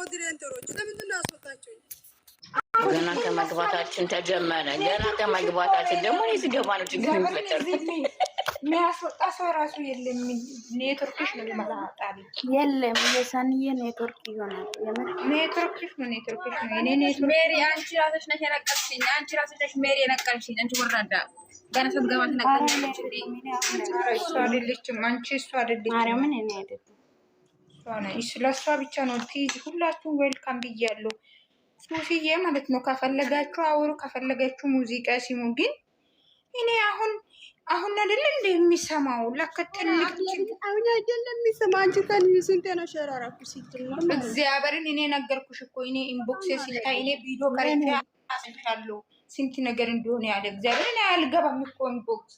ሞዲሬተሮች ለምንድን ነው ያስወጣችሁኝ? ገና ከመግባታችን ተጀመረ። ገና ከመግባታችን ደግሞ እኔ ስገባ ነው ችግር የሚፈጠር። የሚያስወጣ ሰው እራሱ የለም። ኔትወርክሽ ነው ይመላጣል። የለም የሳንዬ ኔትወርክ ይሆናል። ኔትወርክሽ ነው ኔትወርክሽ ነው። እኔ ኔትወርክ ሜሪ፣ አንቺ ራስሽ ነሽ የነቀልሽኝ። አንቺ ራስሽ ነሽ ሜሪ የነቀልሽኝ። አንቺ ወራዳ ገና ስትገባ ትነቀልኛለች። እሷ አይደለችም። አንቺ እሷ አይደለችም። ማርያምን እኔ አይደለም ለእሷ ብቻ ነው ፕሊዝ፣ ሁላችሁም ዌልካም ብያለሁ። ሱፊዬ ማለት ነው። ከፈለጋችሁ አውሩ፣ ከፈለጋችሁ ሙዚቃ ሲሙ። ግን እኔ አሁን አሁን አይደለ እንደ የሚሰማው ለካ ትልቅ የሚሰማ አንቺ ስንቴ ነው ሸራራኩ ሲትል እግዚአብሔርን እኔ ነገርኩሽ እኮ እኔ ኢንቦክስ ሲታይ እኔ ቪዲዮ ከሬታ አሰንቻለሁ ስንት ነገር እንደሆነ ያለ እግዚአብሔር እኔ እኮ ኢንቦክስ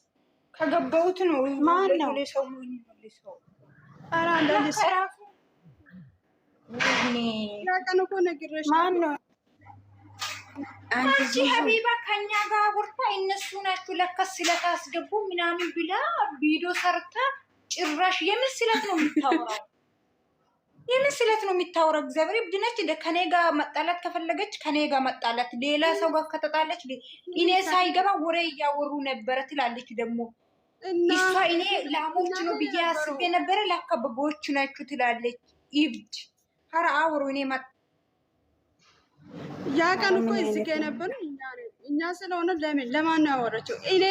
ከገባሁት ነው ማን ነው ሰው ምን ይመልሰው አራ ሀቢባ ከኛ ጋር አውርታ እነሱ ናችሁ ለካ ስለት አስገቡ ምናምን ብላ ቪዲዮ ሰርታ ጭራሽ የምን ስለት ነው የምታወራው? የምን ስለት ነው የሚታወራው? እግዚአብሔር እብድ ነች። ከኔ ጋር መጣላት ከፈለገች ከኔ ጋር መጣላት፣ ሌላ ሰው ጋር ከተጣለች እኔ ሳይገባ ወሬ እያወሩ ነበረ ትላለች ደግሞ እሷ እኔ ላሞች ነው ብዬ አስቤ ነበረ፣ ላካ በጎች ናችሁ ትላለች። ይብድ ኧረ አውሩ። እኔ ያ ቀን እኮ እዚህ ጋር የነበረ እኛ ስለሆነ ለምን ለማን ነው ያወራቸው? እኔ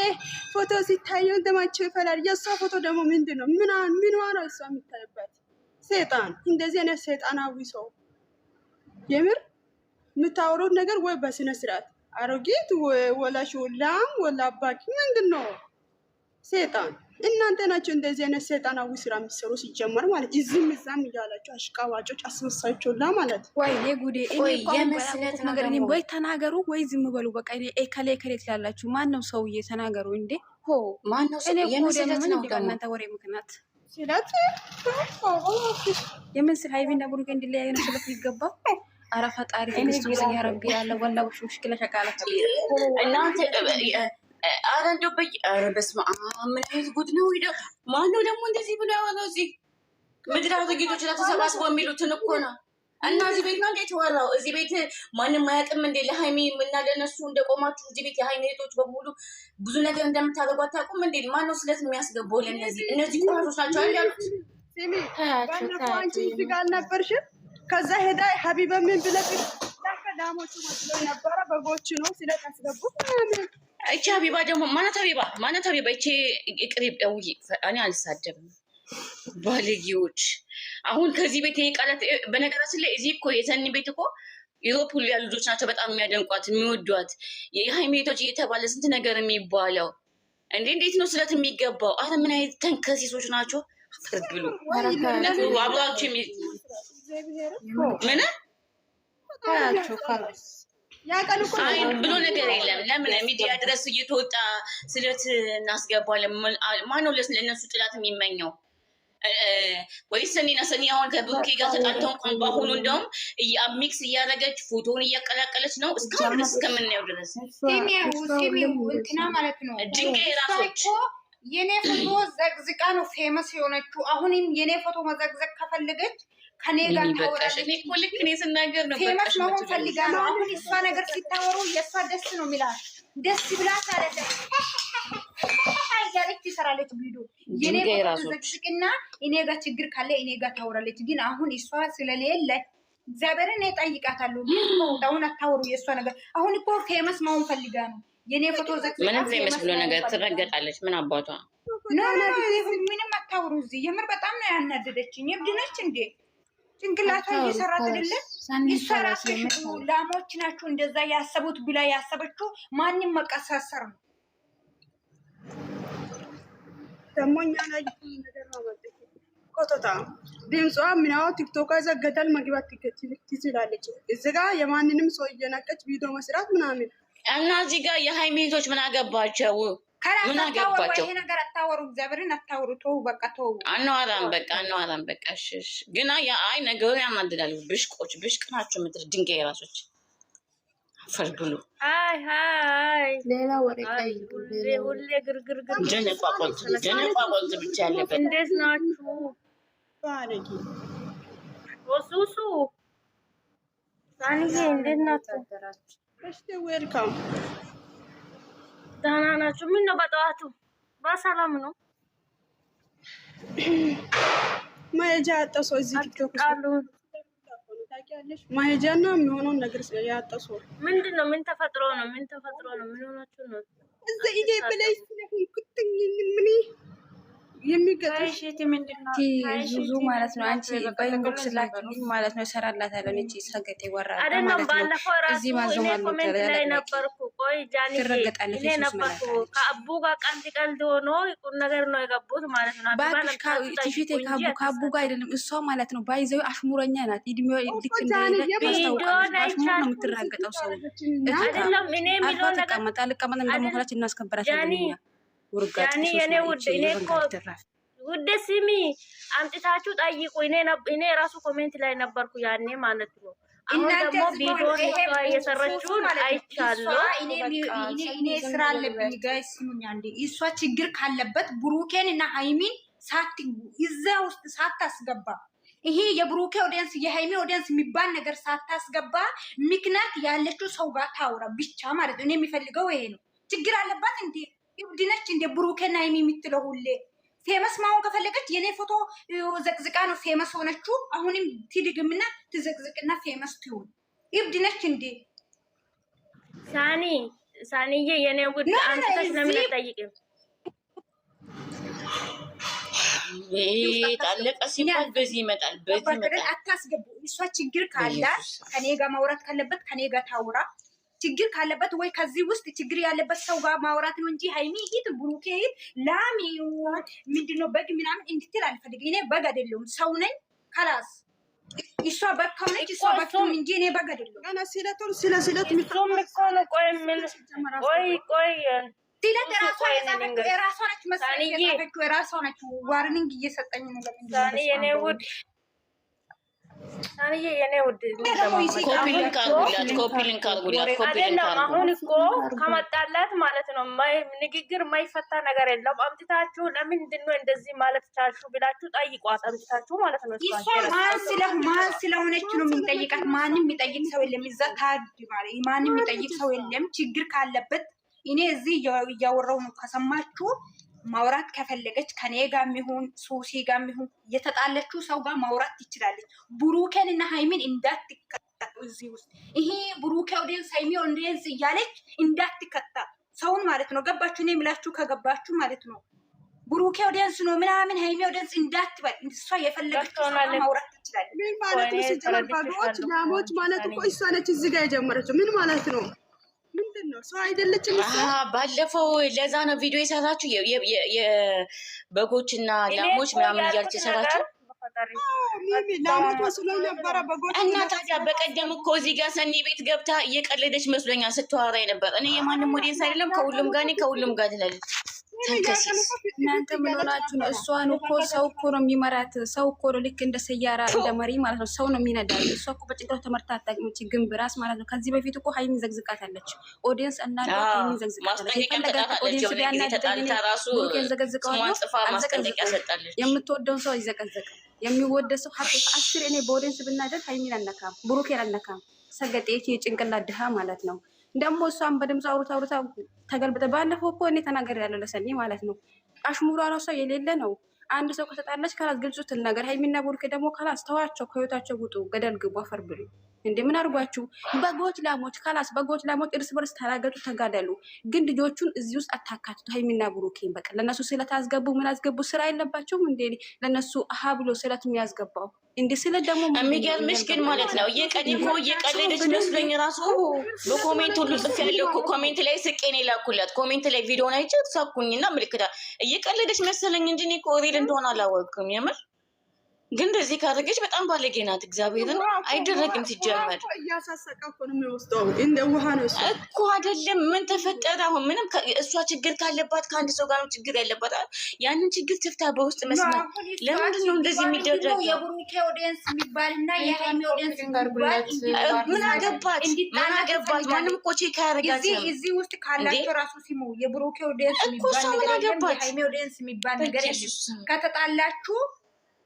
ፎቶ ሲታየው ደማቸው ይፈላል። የእሷ ፎቶ ደግሞ ምንድን ነው? ምኗ ነው እሷ የሚታይበት? ሴጣን እንደዚህ አይነት ሴጣናዊ ሰው የምር የምታወሩት ነገር ወይ በስነ ስርዓት አሮጊት ወላሽ ላም ወላ አባኪ ምንድን ነው ሴጣን እናንተ ናቸው እንደዚህ አይነት ሰይጣናዊ ስራ የሚሰሩ ሲጀመር ማለት እዚህም እዛም እያላቸው አሽቃባጮች አስመሳችሁላ ማለት ወይ የጉዴ የመስለት ነገር ወይ ተናገሩ ወይ ዝም በሉ። በቃ ከላይ ከሌት ላላችሁ ማን ነው ሰውዬ ተናገሩ እንዴ! ሆ ወሬ ምክንያት የምን ስል ሀይቢ ሀይቢና ቡሩኬ እንዲለያዩ ነው ስለት ይገባ አረ ፈጣሪ ክርስቶስ ያረቢ ያለ ወላ ሽሽክለ ሸቃለ እናንተ ኧረ እንደው በይ ኧረ በስመ አብ ምን አይነት ጉድ ነው? ሂደው ማነው ደግሞ እንደዚህ ብሎ ያወራው? እዚህ ምድራቱ ጌቶች ተሰባስቦ የሚሉትን እኮ ነው። እና እዚህ ቤት ነው እንዴት ወራው? እዚህ ቤት ማንም አያውቅም እንዴ? ለሀይሚ እና ለነሱ እንደቆማችሁ እዚህ ቤት የሀይሚ ቤቶች በሙሉ ብዙ ነገር እንደምታደርጉ አታውቁም እንዴ? ማን ነው ስለት የሚያስገባው ለእነዚህ? እነዚህ ቁራሶች ናቸው አይደል ያሉት? ባለፈው አንቺ እዚህ ጋር አልነበርሽም? ከዛ ሄዳ ሀቢበ ምን ብለሽ ማዳሞቹ መስሎ ነበረ። በጎቹ ነው ሲለቅ ያስገቡት። እቺ ሀቢባ ደግሞ ማናት? ሀቢባ ማናት? ሀቢባ እቺ ቅሪብ ደውዬ እኔ አልሳደብም። ባለጌዎች አሁን ከዚህ ቤት ይሄ ቃላት በነገራችን ላይ እዚህ እኮ የሰኒ ቤት እኮ ዩሮፕ ሁሉ ያሉ ልጆች ናቸው በጣም የሚያደንቋት የሚወዷት። የሀይሚ ቤቶች እየተባለ ስንት ነገር የሚባለው እንዴ! እንዴት ነው ስለት የሚገባው? አረ ምን አይነት ተንከሲሶች ናቸው! ፍርድ ብሎ አብራችሁ ምን ብሎ ነገር የለም። ለምን ሚዲያ ድረስ እየተወጣ ስለት እናስገባለን? ማነው ለእነሱ ጥላት የሚመኘው? ወይስ ሰኔና ሰኔ አሁን ከብሩኬ ጋር ተጣልተው እንኳን በአሁኑ እንደውም ሚክስ እያደረገች ፎቶን እያቀላቀለች ነው እስካሁን ድረስ እስከምናየው ድረስ እንትና ማለት ነው ድንጋይ ራሶች የኔ ፎቶ ዘቅዝቃ ነው ፌመስ የሆነችው። አሁንም የኔ ፎቶ መዘቅዘቅ ከፈለገች ከኔ ጋር ታወራለች። ፌመስ መሆን ፈልጋ ነው። አሁን የእሷ ነገር ሲታወሩ የእሷ ደስ ነው የሚላት ደስ ብላት አይደለም እያለች ትሰራለች። ቢዶ የኔ ስቅና እኔ ጋር ችግር ካለ እኔ ጋር ታወራለች። ግን አሁን እሷ ስለሌለች እግዚአብሔርን እጠይቃታለሁ። ግን መውጣውን አታወሩ የእሷ ነገር አሁን እኮ ፌመስ መሆን ፈልጋ ነው። የኔ ፎቶ ዘ ምንም ፌመስ ብሎ ነገር ትረገጣለች። ምን አባቷ ምንም አታውሩ። እዚህ የምር በጣም ነው ያናደደችኝ። እብድ ነች እንዴ? ጭንቅላቷ እየሰራት አይደለ? ይሰራትሽ ላሞች ናችሁ እንደዛ ያሰቡት ብላ ያሰበችው ማንም መቀሳሰር ነው። ደሞኛ ላይ ነገር ነው ማለት ድምጿ ምናው ቲክቶክ ዘገታል መግባት ትችላለች። እዚ ጋ የማንንም ሰው እየነቀች ቪዲዮ መስራት ምናምን እና እዚህ ጋር የሃይሜቶች ምን አገባቸው? ነገር አታወሩ፣ እግዚአብሔርን አታወሩ። ተው በቃ ተው። አናወራም በቃ አናወራም በቃ ሽሽ። ግን አይ ነገሩ ያናድዳል። ብሽቆች ብሽቅ ናቸው። ምድር ድንጋይ ራሶች አፈር አይ አይ ሌላ ወሬ ሁሌ ግርግርግር ብቻ ያለበት እንዴት ናችሁ? ሳንዬ እንዴት ናችሁ? ዌልካም ደህና ናችሁ? ምን ነው በጠዋቱ በሰላም ነው? መሄጃ ያጣው ሰው እዚህ ቲክቶክ መሄጃና የሚሆነውን ነገር ያጣው ሰው ምንድን ነው? ምን ተፈጥሮ ነው? ምን ተፈጥሮ ነው? ምን ሆናችሁ ነው? እዚህ ኢዴ ብለሽ ስለሆንኩትኝ ምን ብዙ ማለት ነው። አንቺ በኢንቦክስ ላኪልኝ ማለት ነው እሰራላታለሁ። እቺ ሰገጤ ወራዳ ማለት ነው። እዚህ ማዘማሉ ነበርኩ። ቆይ ጃኒ ትረገጣለች ነበርኩ ከአቡ ጋር ቀልድ ቀልድ ሆኖ ቁም ነገር ነው የገቡት ማለት ነው። ፊቴ ከአቡ ጋር አይደለም እሷ ማለት ነው። ባይዘዊ አሽሙረኛ ናት። እድሜ ልክ እንደሌለ ነው የምትራገጠው ሰው አይደለም። እኔ የሚለው ነገር ቀመጣ ልቀመጥ እንደመሆናችን እናስከበራታለን ያኔ የኔ ውድ እኔ እኮ ውድ ስሚ አምጥታችሁ ጠይቁ። እኔ ራሱ ኮሜንት ላይ ነበርኩ ያኔ ማለት ነው። አሁን ደግሞ ቪዲዮ የሰረችውን አይቻለሁ። እኔ ስራ አለብኝ ጋይ ስሙኝ አንዴ። እሷ ችግር ካለበት ብሩኬን እና ሀይሚን እዛ ውስጥ ሳታስገባ ይሄ የብሩኬ ኦዲየንስ የሃይሜ ኦዲየንስ የሚባል ነገር ሳታስገባ ምክንያት ያለችው ሰው ጋር ታውራ ብቻ ማለት ነው። እኔ የሚፈልገው ይሄ ነው። ችግር አለባት እንዴ እብድ ነች እንደ ብሩኬና ሀይሚ የምትለው ሁሌ ፌመስ ማሆን ከፈለገች የኔ ፎቶ ዘቅዝቃ ነው ፌመስ ሆነችው። አሁንም ትድግምና ትዘቅዝቅና ፌመስ ትሁን። እብድ እንዴ ሳኒ? ሳኒዬ የኔ ጉድ አንተሽ ለምን አጠይቅም? ጣለቀ ሲባል በዚህ ይመጣል በዚህ ይመጣል። አታስገቡ። እሷ ችግር ካላት ከኔ ጋር ማውራት ካለበት ከኔ ጋር ታውራ። ችግር ካለበት ወይ ከዚህ ውስጥ ችግር ያለበት ሰው ጋር ማውራት ነው እንጂ ሀይሚ ሂድ፣ ብሩኬ ሂድ፣ ላም ይሁን ምንድነው በግ ምናምን እንድትል አልፈልግም። እኔ በግ አይደለሁም ሰው ነኝ። ከላስ እሷ በግ ከሆነች እሷ በግ ትሁን እንጂ እኔ በግ አይደለሁም። ስለቱን ስለ ነች መሰለኝ የራሷ ነች። ዋርኒንግ እየሰጠኝ ነው ለምንድን አንዬ የኔ ውድ አሁን እኮ ከመጣላት ማለት ነው ንግግር የማይፈታ ነገር የለም። አምጥታችሁ ለምንድን ነው እንደዚህ ማለት ቻልሹ ብላችሁ ጠይቋት። አምጥታችሁ ማለት ነው ማን ስለሆነች ነው የሚጠይቃት። ማንም የሚጠይቅ ሰው የለም። እዛ ታድ ማንም የሚጠይቅ ሰው የለም። ችግር ካለበት እኔ እዚህ እያወራው ነው ከሰማችሁ ማውራት ከፈለገች ከኔ ጋር የሚሆን ሱሲ ጋር የሚሆን የተጣለችው ሰው ጋር ማውራት ትችላለች። ብሩኬን እና ሀይሚን እንዳትከታተሉ እዚህ ውስጥ ይሄ ብሩኬ ኦዲየንስ ሀይሚ ኦዲየንስ እያለች እንዳትከታ ሰውን ማለት ነው። ገባችሁ? እኔ የምላችሁ ከገባችሁ ማለት ነው። ብሩኬ ኦዲየንስ ነው ምናምን ሀይሚ ኦዲየንስ እንዳትበል። እሷ የፈለገችው ሰው ማውራት ትችላለች። ምን ማለት ነው? ሲጀመር ባዶዎች ላሞች ማለት እኮ እሷ ነች እዚህ ጋር የጀመረችው ምን ማለት ነው? ነው ሰው አይደለችም። ባለፈው ለዛ ነው ቪዲዮ የሰራችሁ በጎችና ላሞች ምናምን እያልች የሰራችሁ እና ታዲያ በቀደም እኮ እዚህ ጋር ሰኒ ቤት ገብታ እየቀለደች መስሎኛል ስትዋራ ነበር። እኔ የማንም ወዴንስ አይደለም ከሁሉም ጋር ከሁሉም ጋር ትላለች ተንከሲስ እናንተ ምን ሆናችሁ ነው? እሷን እኮ ሰው እኮ ነው የሚመራት። ሰው እኮ ነው ልክ እንደ ሰያራ እንደ መሪ ማለት ነው። ሰው ነው የሚነዳ። እሷ እኮ በጭንቅላት ተመርታ አታውቅም። ግንብ ራስ ማለት ነው። ከዚህ በፊት እኮ ሀይሚ ዘግዝቃታለች። ኦዲየንስ እና ሀይሚ ዘግዝቃታለች። ኦዲየንስ ቢያናደኝ ዘገዝቀዋለሁ። የምትወደውን ሰው ይዘቀዘቀ የሚወደድ ሰው ሀቅ አስር እኔ በኦዲየንስ ብናደር ሀይሚን አልነካም፣ ብሩኬን አልነካም። ሰገጤ የጭንቅላት ድሃ ማለት ነው። ደግሞ እሷን በድምፅ አውርታ አውርታ ተገልብጠ። ባለፈው እኮ እኔ ተናግሬያለሁ ለሰኒ ማለት ነው። አሽሙሯ ራሷ የሌለ ነው። አንድ ሰው ከተጣላች ከላስ ግልጹ ነገር ሀይሚና ደግሞ ከላስ ተዋቸው፣ ከህይወታቸው ውጡ፣ ገደል ግቡ፣ አፈር ብሉ። እንዴ ምን አድርጓችሁ? በጎች ላሞች፣ ካላስ በጎች ላሞች እርስ በርስ ተራገጡ፣ ተጋደሉ። ግን ልጆቹን እዚህ ውስጥ አታካትቱ። ሀይሚና ብሩኬን በቃ ለእነሱ ስለት አስገቡ። ምን አስገቡ? ስራ የለባቸውም እንዴ ለእነሱ ሀ ብሎ ስለት የሚያስገባው እንዴ? ስለት ደግሞ የሚገርምሽ ግን ማለት ነው እየቀድ ኮ እየቀለደች መስሎኝ ራሱ በኮሜንት ሁሉ ጽፍ ያለው ኮሜንት ላይ ስቄን የላኩላት ኮሜንት ላይ ቪዲዮን አይቼ ሳኩኝና ምልክታል እየቀለደች መሰለኝ እንጂ እኔ እኮ ሪል እንደሆነ አላወቅም የምር ግን እንደዚህ ካደረገች በጣም ባለጌ ናት። እግዚአብሔርን አይደረግም። ሲጀመር እኮ አይደለም። ምን ተፈጠረ አሁን? ምንም እሷ ችግር ካለባት ከአንድ ሰው ጋር ነው ችግር ያለባት። ያንን ችግር ትፍታ በውስጥ መስመር። ለምንድን ነው እንደዚህ የሚደረገው? ምን አገባት? ምን አገባት? ማንም እኮ ቼክ ያደረጋት እዚህ ውስጥ ካላቸው ራሱ ሲሙ የብሩኬ ኦዲየንስ እኮ እሷ ምን አገባት? ከተጣላችሁ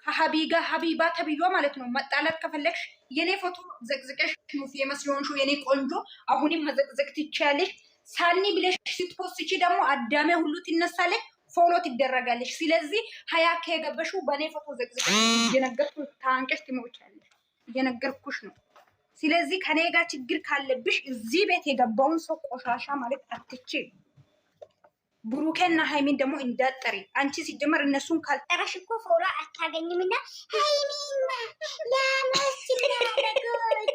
ከሀቢጋ ሀቢባ ተብዬ ማለት ነው። መጣላት ከፈለግሽ የኔ ፎቶ ዘቅዝቀሽ ነው ፌመስ የሆንሹ የኔ ቆንጆ፣ አሁንም መዘቅዘቅ ትችያለሽ። ሳኒ ብለሽ ስትፖስቺ ደግሞ አዳሜ ሁሉ ትነሳለች፣ ፎሎ ትደረጋለች። ስለዚህ ሀያ ከገበሹ በእኔ ፎቶ ዘቅዝቀሽ እየነገርኩ ታንቀሽ ትሞቻለሽ። እየነገርኩሽ ነው። ስለዚህ ከኔ ጋር ችግር ካለብሽ እዚህ ቤት የገባውን ሰው ቆሻሻ ማለት አትችይ። ብሩኬና ሃይሚን ደግሞ እንዳጠሪ አንቺ ሲጀመር እነሱን ካልጠራሽ እኮ ፎሎ አታገኝምና እና ሀይሚማ ለመስ ናረጎች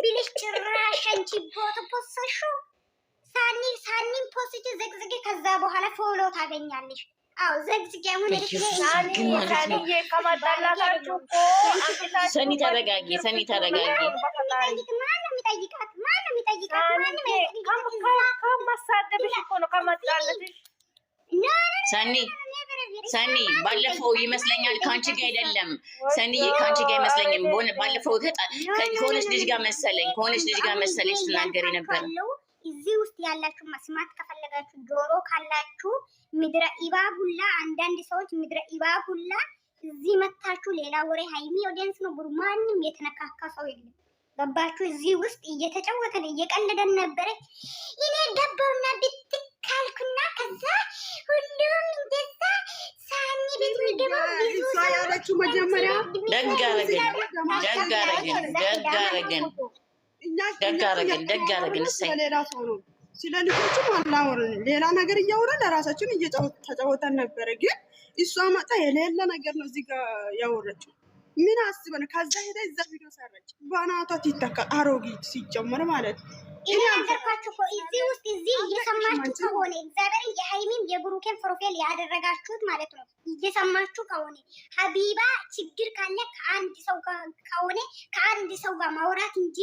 ብልሽ ጭራሽ አንቺ ቦት ፖሰሹ ሳኒ ሳኒን ፖስት ዘግዝጌ ከዛ በኋላ ፎሎ ታገኛለሽ። አዎ ዘግዝጌ አሁን ሳኒዬ ከመጣላታችሁ ሰኒ ተረጋጊ፣ ሰኒ ተረጋጊ። ማነው የሚጠይቃት? ማነው የሚጠይቃት? ማንም ከማሳደብሽ እኮ ነው ከመጣለትሽ ሰኒ ሰኒ ባለፈው ይመስለኛል ከአንቺ ጋር አይደለም። ሰኒዬ ከአንቺ ጋር አይመስለኝም። ሆነ ባለፈው ከሆነች ልጅ ጋር መሰለኝ ከሆነች ልጅ ጋር መሰለኝ ስትናገር ነበር። እዚህ ውስጥ ያላችሁ መስማት ከፈለጋችሁ ጆሮ ካላችሁ ምድረ ኢባቡላ፣ አንዳንድ ሰዎች ምድረ ኢባቡላ እዚህ መታችሁ ሌላ ወሬ ሀይሚ ኦዲየንስ ነው ብሩ። ማንም የተነካካ ሰው የለም። ገባችሁ? እዚህ ውስጥ እየተጫወተን እየቀለደን ነበረ። እኔ ገባውና ብትክ ካልኩና ከዛ ሁሉም እንደዛ ሳኒ ቤት የሚገባው ብዙ ያለችው መጀመሪያ ደግ አረግን ደግ አረግን ደግ አረግን ደግ አረግን ደግ አረግን እሰይ ስለ ልጆቹም አላወራንም። ሌላ ነገር እያወራን ለራሳችን ተጫወተን ነበረ። ግን እሷ መጣ የሌለ ነገር ነው እዚህ ጋር ያወራችው። ምን አስበን ከዛ ሄደ እዛ ቪዲዮ ሰራች። በናቷ ይተካ አሮጊት ሲጀመር ማለት ነው ይሄ እኮ እዚህ ውስጥ እዚህ እየሰማችሁ ከሆነ እግዚአብሔር የሀይሚም የብሩኬን ፕሮፋይል ያደረጋችሁት ማለት ነው። እየሰማችሁ ከሆነ ሀቢባ ችግር ካለ ከአንድ ሰው ከሆነ ከአንድ ሰው ጋር ማውራት እንጂ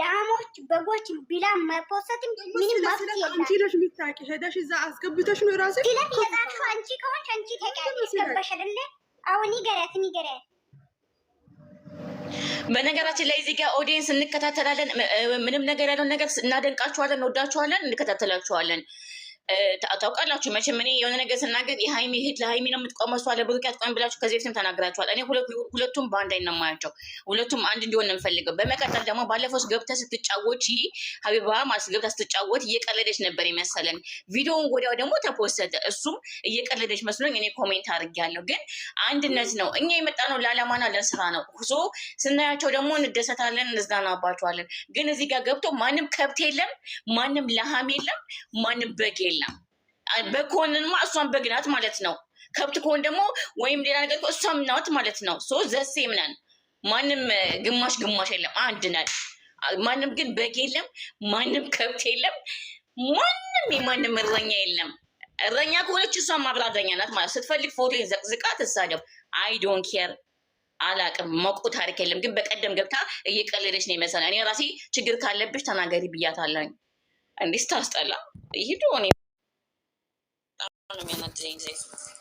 ላሞች በጎች ብላ መፖሰትም ምንም መብት የለም። አንቺ ነሽ የሚታቂ ሄደሽ እዛ አስገብተሽ ነው ራሴ ስለም የጻፍሽው አንቺ ከሆንሽ አንቺ ተቃ ገባሽ አሁን ይገሪያት ይገሪያት በነገራችን ላይ እዚህ ጋር ኦዲየንስ እንከታተላለን። ምንም ነገር ያለው ነገር እናደንቃችኋለን፣ እንወዳችኋለን፣ እንከታተላችኋለን። ታውቃላችሁ መቼም እኔ የሆነ ነገር ስናገር የሀይሚ እህት ለሀይሚ ነው የምትቆመው እሷ ለብሩኬ አትቆምም ብላችሁ ከዚህ በፊትም ተናግራችኋል። እኔ ሁለቱም በአንድ አይነት ነው ሁለቱም አንድ እንዲሆን ነው የምፈልገው። በመቀጠል ደግሞ ባለፈው ገብተህ ስትጫወች ሀቢባ ማለት ገብታ ስትጫወት እየቀለደች ነበር የመሰለን። ቪዲዮውን ወዲያው ደግሞ ተፖሰተ፣ እሱም እየቀለደች መስሎኝ እኔ ኮሜንት አድርጌያለሁ። ግን አንድነት ነው እኛ የመጣ ነው ለዓላማና ለስራ ነው። ሶ ስናያቸው ደግሞ እንደሰታለን፣ እንዝናናባቸዋለን። ግን እዚህ ጋር ገብቶ ማንም ከብት የለም፣ ማንም ላሃም የለም፣ ማንም በግ የለም። የለም። በግ ከሆንንማ እሷን በግ ናት ማለት ነው። ከብት ከሆን ደግሞ ወይም ሌላ ነገር እሷም ናት ማለት ነው። ሶ ዘሴም ነን። ማንም ግማሽ ግማሽ የለም፣ አንድ ነን። ማንም ግን በግ የለም፣ ማንም ከብት የለም፣ ማንም የማንም እረኛ የለም። እረኛ ከሆነች እሷ አብራ እረኛ ናት ማለት ስትፈልግ ፎቶ ዘቅዝቃ ትሳደብ። አይ ዶን ኬር አላቅም መቁ ታሪክ የለም። ግን በቀደም ገብታ እየቀለደች ነው ይመስላል። እኔ ራሴ ችግር ካለብሽ ተናገሪ ብያታለኝ። እንዲህ ስታስጠላ ይሄ alumina 30.